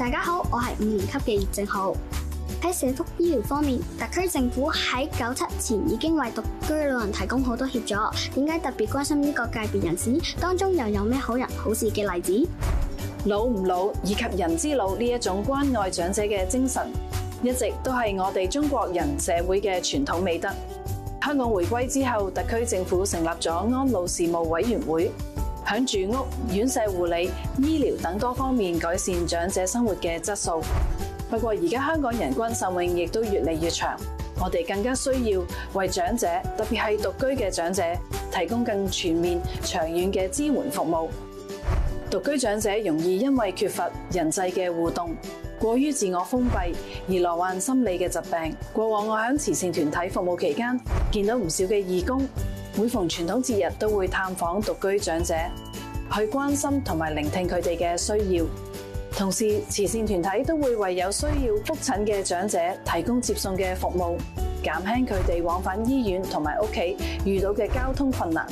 大家好，我係五年級嘅葉政昊。喺社福醫療方面，特區政府喺九七前已經為獨居老人提供好多協助。點解特別關心呢個界別人士？當中又有咩好人好事嘅例子？老吾老，以及人之老呢一種關愛長者嘅精神，一直都係我哋中國人社會嘅傳統美德。香港回歸之後，特區政府成立咗安老事務委員會。響住屋、院舍護理、醫療等多方面改善長者生活嘅質素。不過而家香港人均壽命亦都越嚟越長，我哋更加需要為長者，特別係獨居嘅長者，提供更全面、長遠嘅支援服務。獨居長者容易因為缺乏人際嘅互動，過於自我封閉而罹患心理嘅疾病。過往我響慈善團體服務期間，見到唔少嘅義工。每逢傳統節日，都會探訪獨居長者，去關心同埋聆聽佢哋嘅需要。同時，慈善團體都會為有需要復診嘅長者提供接送嘅服務，減輕佢哋往返醫院同埋屋企遇到嘅交通困難，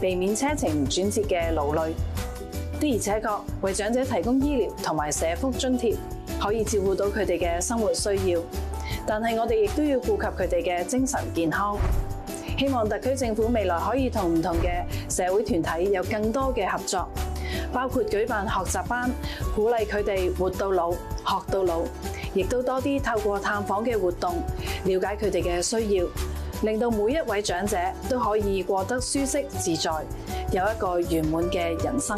避免車程轉折嘅勞累。的而且確，為長者提供醫療同埋社福津貼，可以照顧到佢哋嘅生活需要。但係我哋亦都要顧及佢哋嘅精神健康。希望特區政府未來可以同唔同嘅社會團體有更多嘅合作，包括舉辦學習班，鼓勵佢哋活到老學到老，亦都多啲透過探訪嘅活動，了解佢哋嘅需要，令到每一位長者都可以過得舒適自在，有一個圓滿嘅人生。